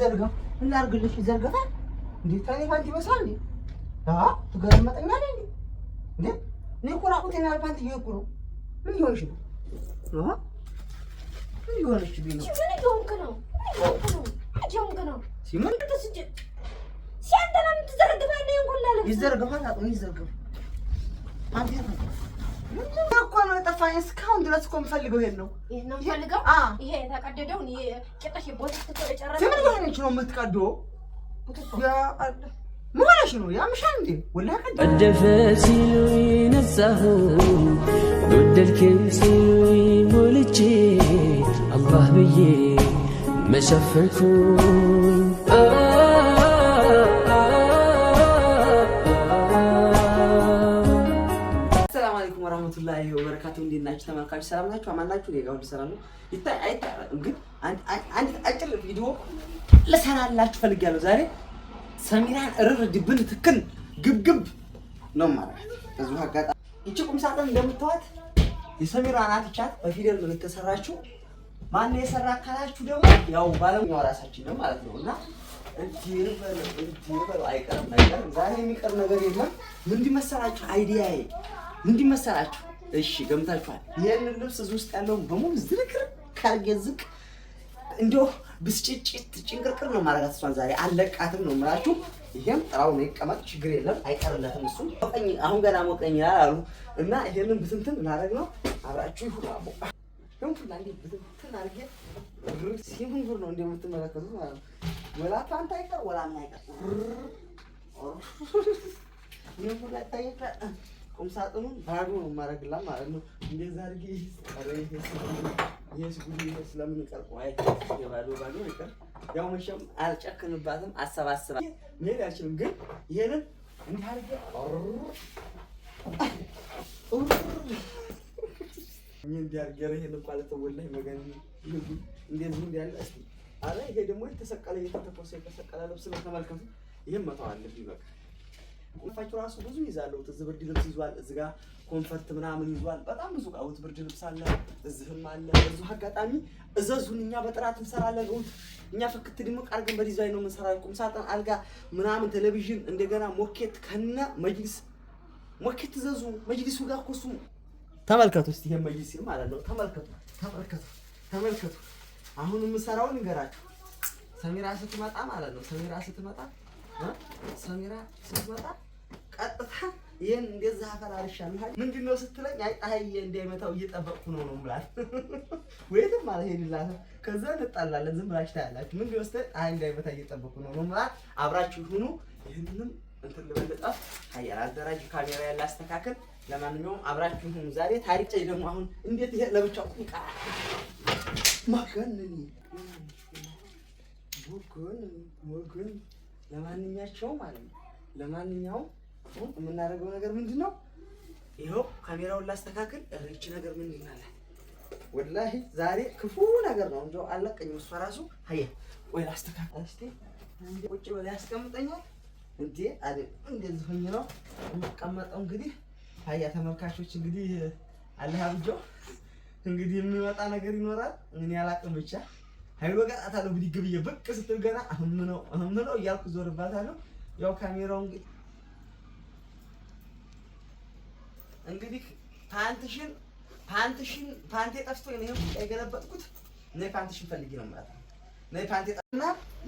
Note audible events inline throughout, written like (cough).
ዘርጋ እናርግልሽ ይዘርጋታል እንዴት ታኔ ባንት ይመስላል እንዴ? አዎ እንዴ? እንዴ እኔ እኮ ራቁቴን አልፓንት እየሄድኩ ነው። ምን እየሆንሽ ነው? አዎ ምን እየሆንሽ ቢል ነው? ምን እየሆንክ ነው? ምን እየሆንክ ነው? ሲምን ትስጭ ሲያንተና ምን ትዘርግፋለህ? ይንኩላለ ይዘርግፋል አጥቶ ይዘርግፋል አንተ እኮ ነው የጠፋኝ። እስካሁን ድረስ እኮ የምፈልገው ይሄን ነው የምፈልገው። ይሄ የተቀደደውን ቂጣሽ ነው የምትቀደው። መሆነሽ ነው ያምሻል ቀደፈ ሲሉኝ ነጻሁ ወደድከኝ ሲሉኝ ሞልቼ አላህ ብዬ መሸፈንኩ በረካቱ እንዴት ናችሁ? ተመልካችሁ ሰላም ናችሁ? አማናችሁ ሌጋ ሁሉ ሰላም ነው። ይታይ አይታረቅም፣ ግን አንድ አጭር ቪዲዮ ልሰራላችሁ ፈልጊያለሁ ዛሬ። ሰሚራን እርር ድብን ትክን ግብግብ ነው ማለት እዚሁ አጋጣሚ እቺ ቁም ሳጥን እንደምታዋት የሰሚራ ናት። ይቻት በፊደል ነው የተሰራችው። ማን የሰራ አካላችሁ ደግሞ ያው ባለሙያው ራሳችን ነው ማለት ነው እና አይቀርም ነገር ዛሬ የሚቀር ነገር የለም። ምን እንዲመሰላችሁ አይዲያዬ ምን እንዲመሰላችሁ እሺ ገምታችኋል። ይህንን ልብስ እዚህ ውስጥ ያለውን በሙሉ ዝርክር ካልገዝቅ እንዲሁ ብስጭጭት ጭንቅርቅር ነው ማድረጋት። እሷን ዛሬ አለቃትም ነው የምላችሁ። ይሄም ጥራው ነው ይቀመጥ፣ ችግር የለም አይቀርለትም። እሱ አሁን ገና ሞቀኝ ይላል አሉ እና ይሄንን ብትንትን እናደርግ ነው። አብራችሁ ይሁን አቦ ብትንትን ሲምንጉር ነው እንደምትመለከቱት ማለት ነው። ወላ ፓንት አይቀር ወላ ምን አይቀር ይሁን ላይ ታይቀር ቁም ሳጥኑን ባዶ ነው የማደርግላት ማለት ነው። እንደዛ አድርጌ ይሄስ አይ ይቀር። ያው መቼም አልጨክንባትም፣ አሰባስባ መሄድ አልችልም። ግን ይሄንን እንዲህ አድርጌ እንዲህ አድርጌ ይሄን ማለት ወላሂ መገን እንደዚህ እንዲህ እስኪ ይሄ ደግሞ የተሰቀለ እየተተኮሰ የተሰቀለ ልብስ ነው። ተመልከቱ። ይህም መተው አለብኝ በቃ ቁልፋቸው ራሱ ብዙ ይዛለሁ። እዚህ ብርድ ልብስ ይዟል፣ እዚህ ጋ ኮንፈርት ምናምን ይዟል። በጣም ብዙ ቃውት ብርድ ልብስ አለ፣ እዚህም አለ። ብዙ አጋጣሚ እዘዙን፣ እኛ በጥራት እንሰራለን። ውት እኛ ፍክት ድምቅ አድርገን በዲዛይን ነው የምንሰራ። ቁምሳጥን፣ አልጋ ምናምን፣ ቴሌቪዥን፣ እንደገና ሞኬት ከነ መጅሊስ ሞኬት እዘዙ። መጅሊሱ ጋር እኮ እሱ ተመልከቱ እስቲ ይሄን መጅሊስ ማለት ነው። ተመልከቱ፣ ተመልከቱ፣ ተመልከቱ። አሁን የምሰራውን ንገራችሁ። ሰሚራ ስትመጣ ማለት ነው ሰሚራ ስትመጣ ሰሚራ ስትመጣ ቀጥታ ይህን እንደዚህ አፈላልሻለሁ ምንድን ነው ስትለኝ፣ አይ ፀሐይዬ እንዳይመታው እየጠበቅኩ ነው ነው የምላት። (laughs) ወይትም አልሄድላትም። ከዛ እንጣላለን። ዝም ብላችሁ ታያላችሁ። ምንድን ነው ስትለኝ፣ ፀሐይ እንዳይመታ እየጠበቅኩ ነው ነው የምላት። አብራችሁ ሁኑ። ይህንንም እንትን ልበለጣፍ ሀያል አደራጅ ካሜራ ያለ አስተካክል። ለማንኛውም አብራችሁ ሁኑ። ዛሬ ታሪክ ጨይ ደግሞ አሁን እንዴት ይሄ ለብቻው ቁንቃ ማገነን ወገን ወገን ለማንኛቸው ማለት ነው ለማንኛውም የምናደርገው ነገር ምንድን ነው? ይኸው ካሜራውን ላስተካክል። እረች ነገር ምንድን አለ? ወላሂ ዛሬ ክፉ ነገር ነው እንደው አለቀኝ እሷ ራሱ ሀያ ወይ ላስተካክል እንዴ ቁጭ ብላ ያስቀምጠኛል እንዴ? አይደል እንደዚህ ሆኜ ነው የምቀመጠው። እንግዲህ ሀያ ተመልካቾች፣ እንግዲህ አለህ አብጆ እንግዲህ የሚመጣ ነገር ይኖራል። ምን ያላቅም ብቻ ሀይሉ እቀጣታለሁ ብድግ ብዬ ብቅ ስትል ገና አህም ነው አህም እያልኩ ዞርባታለሁ። ያው ካሜራው እንግዲህ ፓንትሽን ፓንትሽን ፓንቴ ጠፍቶ ነው የገለበጥኩት። ነይ ፓንትሽን ፈልጊ ነው ማለት ነው። ፓንቴ ጠፍና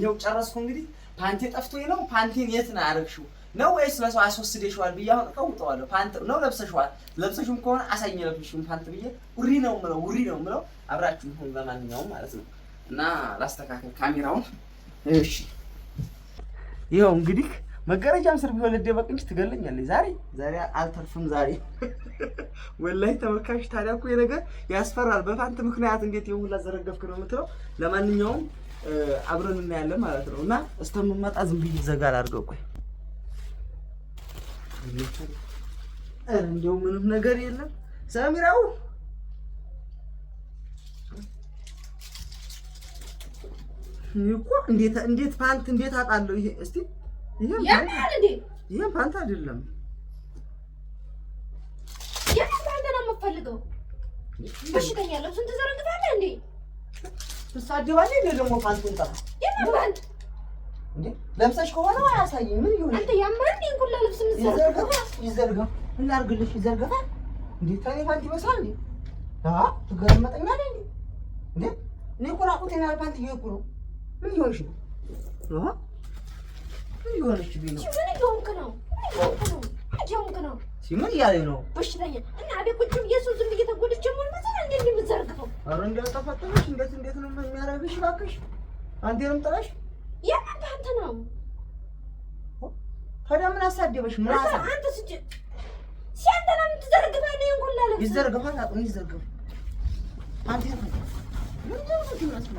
ይኸው ጨረስኩ። እንግዲህ ፓንቴ ጠፍቶ ነው። ፓንቴን የት ነው አረግሽው ነው ወይስ ለሰው አስወስደሽዋል ብዬ አሁን እቀውጠዋለሁ። ፓንት ነው ለብሰሽዋል። ለብሰሽም ከሆነ አሳኝ ለብሽም ፓንት ብዬ ውሪ ነው ምለው ውሪ ነው ምለው አብራችሁ በማንኛውም ማለት ነው እና ላስተካከል ካሜራውን። እሺ ይኸው እንግዲህ መጋረጃም ስር ቢሆን ልደበቅ እንጂ ትገለኛለች። ዛሬ ዛሬ አልተርፍም። ዛሬ (laughs) ወላሂ ተመልካች፣ ታዲያ እኮ ነገር ያስፈራል። በፋንት ምክንያት እንዴት ይሁን ሁላ ነው የምትለው። ለማንኛውም አብረን እናያለን ማለት ነው እና እስከምመጣ ዝም ብዬ ዘጋ አድርገው። ቆይ እንደው ምንም ነገር የለም ሰሚራው እኮ እንዴት እንዴት ፓንት እንዴት አጣለሁ? ይሄ እስቲ ይሄ ያማል ፓንት አይደለም። የምን ፓንት ነው የምፈልገው? በሽተኛ ልብሱን ትዘረግፋለህ እንዴ? ትሳደባለህ እንዴ? ደግሞ ፓንቱን ጠራ። የምን ፓንት እንዴ? ለብሰሽ ከሆነ አያሳይም። ምን ይሁን አንተ ያማል እንዴ? ልብስ ምዘረግፋ ይዘርጋ እናርግልሽ ይዘርጋታ እንዴ? ታኔ ፓንት ይመስላል እንዴ? አዎ ትገርመጠኛለህ እንዴ? እንዴ እኔ እኮ ራቁቴን ፓንት ነው ምን እየሆንሽ ነው? ምን እየሆንሽብኝ ነው? ምን እየሆንክ ነው? ምን እያለኝ ነው እና አቤት ቁጭ ብዬ እሱ ዝም እየተጎደች ሆን መዘ እንዴት የምትዘርግፈው? ኧረ እንዳጠፋጠመሽ እንዴት እንዴት ነው የሚያረግሽ? እባክሽ አንዴ ነው የምጠራሽ የአባት ነው ታዲያ ምን አሳደበሽ? ምን አንተ ስጭ ሲያንተና የምትዘርግፋለ ይንኩላለ ይዘርግፋል አቁም ይዘርግፍ አንተ ምንድነው ስማ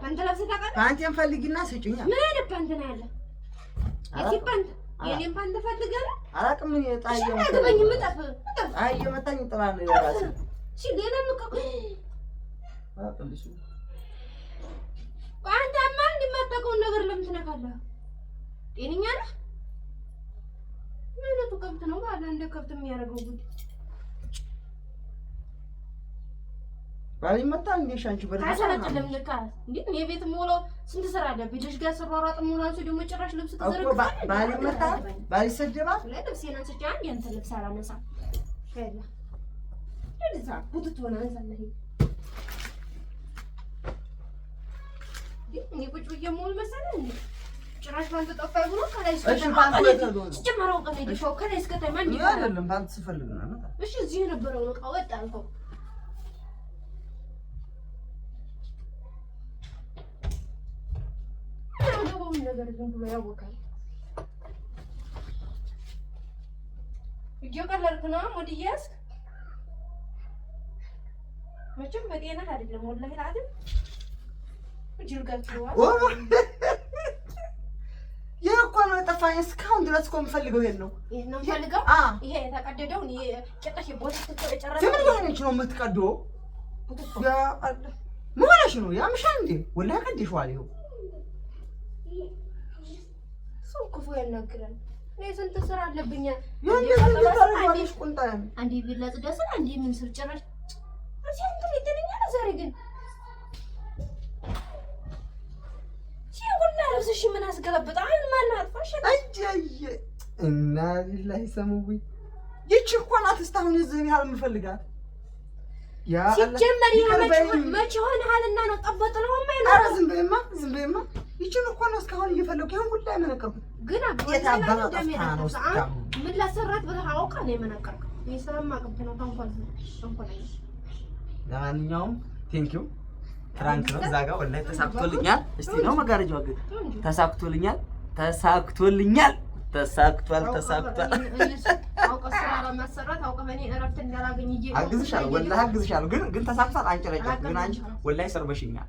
ፓንት ለብሰህ ታውቃለህ? ፓንቴን ፈልጊና ስጪኝ። ምን አይነት ፓንት ነው ያለ? እዚህ ፓንት የኔን ፓንት ፈልገህ አላውቅም። ምን ጣይ የመታኝ ምጣፍ። አይ የመታኝ ጥላ ነው የራሱ እሺ። ገና ምቀቁ አቅልሽ አንተማ እንድማታውቀውን ነገር ለምን ትነካለህ? ጤነኛ ነህ? ምን ነው ከብት ነው ባላ እንደ ከብት የሚያደርገው ጉድ ባል ይመታል እንዴ? ሻንቺ በርካሰለጥልም ልካ እንዴ? የቤት ሞሎ ስንት ስራ አለ። ልጅ ጋር ስሯሯጥ ሞሎ አንቺ ደግሞ ጭራሽ ልብስ ትዘረግ። ባል ይመታል፣ ባል ይሰደባል። ልብስ አንስቼ አንድ እንትን ልብስ አላነሳ ከላ ለዛ ቡትት ሆነ አንሳለህ እኔ ቁጭ ብዬ መሆን መሰለህ እንዴ? ጭራሽ ባንተ ጠፋኝ ብሎ ከላይ እስከ ታች እዚህ የነበረውን ዕቃ ወጣ አልከው ሁሉም ነገር ዝም ብሎ ያወካል። እየቀለድክ ነው ሙድዬ መቼም በጤናህ አይደለም። ወላሂ አይደል ይህ እኮ ነው የጠፋኝ። እስካሁን ድረስ እኮ የምፈልገው ይሄን ነው ይሄ ነው የምትቀደው። ምን ሆነሽ ነው? ያምሻል እንዴ? ወላሂ ቀደሽዋል። ይኸው ሰው ክፉ ያናግራል። እኔ ስንት ስራ አለብኝ። አንዴ ቢላ ጽዳ ስራ፣ አንዴ ምን ስር ጭራሽ ዛሬ ግን ሁላ ልብስሽ ምን አስገለበጠ? አይን ማን አጥፋሽ? አየየ እና ቢላሂ ሰሙዊ ይቺ እኮ ናት እስካሁን እዚህን ያህል የምፈልጋት ሲጀመር መቼ ሆነሃል እና ነው ጠበጥ ነው። ዝም በይማ ዝም በይማ ይችን እኮ ነው እስካሁን እየፈለኩ ይሄን ሁላ የመነቀርኩት። ግን ምን ላሰራት ብለህ አውቃ ነው የመነቀርከው። ለማንኛውም ቴንኪው ፍራንክ ነው እዛ ጋር ወላሂ ተሳክቶልኛል። እስቲ ነው መጋረጃው ግን ተሳክቶልኛል፣ ተሳክቶልኛል፣ ተሳክቷል፣ ተሳክቷል። አግዝሻለሁ ወላሂ አግዝሻለሁ፣ ግን ግን ተሳክቷል። አንጨረጨ ግን አንቺ ወላሂ ሰርበሽኛል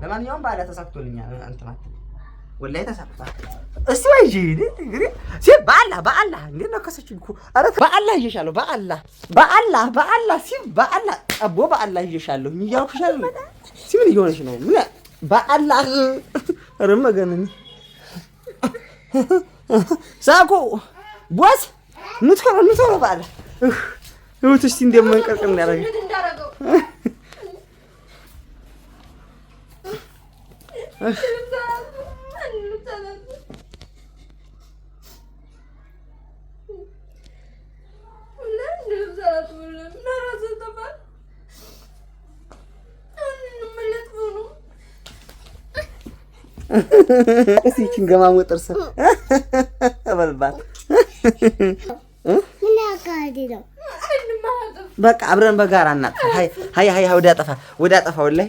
ለማንኛውም ባለ ተሳክቶልኛል። እንትናት ወላሂ ተሳክቷል። እስቲ ወይ ጂዲ እንግዲህ ሲ ባላ ባላ እንግዲህ ነከሰችኝ እኮ ኧረ ባላ ይሻለው ባላ ባላ ባላ ሲ ባላ ጠቦ ባላ ይሻለው እያልኩሽ ሲ ምን እየሆነች ነው? ምን ባላ ኧረ መገነን ሳኮ ቦስ ምትሆነ ምትሆነ ባላ እህ እውት እስቲ እንደምን ቀርቅም ያደርጋል እስኪ ይህቺን ገማሞ ጥርስ በልባት። በቃ አብረን በጋራ እናጥፋ። ሀይ ሀይ ሀይ ወደ አጠፋ ወደ አጠፋ ወላሂ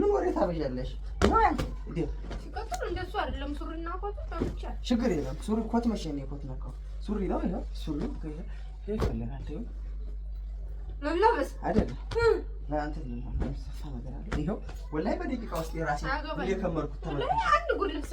ምን ወሬ ታበዣለሽ? እንደሱ አይደለም። ሱሪና ኮት ችግር የለም። ሱሪ ኮት መቼ ነው የኮት ነካው? ሱሪ ነው ይሄ ሱሪ ወላሂ በደቂቃ ውስጥ የራሴ የከመርኩት አንድ ጉድ ልብስ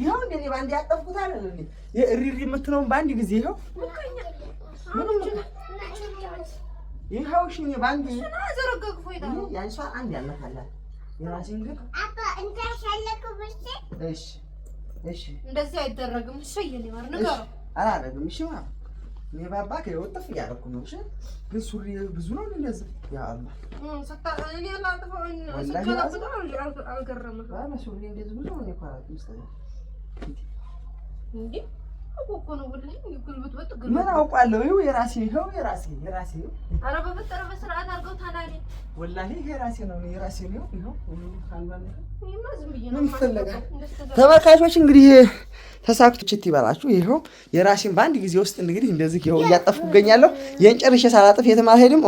ይኸው እንደ እኔ በአንድ ያጠብኩት አለ እሪሪ የምትለውን በአንድ ጊዜ ይኸው ይኸው እሺ፣ እኔ በአንድ ያንሷ አንድ ያለፋላል። የራሴን ግን እሺ፣ እሺ፣ እንደዚህ አይደረግም። እሺ፣ የእኔ ንገረው። አላደርግም። እሺ፣ ማር እኔ ባባ ከወጥፍ እያደረኩ ነው። እሺ፣ ግን ሱሪ ብዙ ነው እንደዚህ ያ ምን አውቃለሁ? ይኸው የራሴ ይኸው የራሴ የራሴ ነው። ኧረ በፈጠረ በስርዓት አድርገው ታላኔ ወላሂ የራሴ ነው የራሴ ነው። ምን ተመልካቾች እንግዲህ ተሳክቶ ተሳክቶችት ይበላችሁ። ይኸው የራሴን በአንድ ጊዜ ውስጥ እንግዲህ እንደዚህ ይኸው እያጠፍኩ እገኛለሁ። የእንጨርሼ ሳላጥፍ የትም አልሄድም።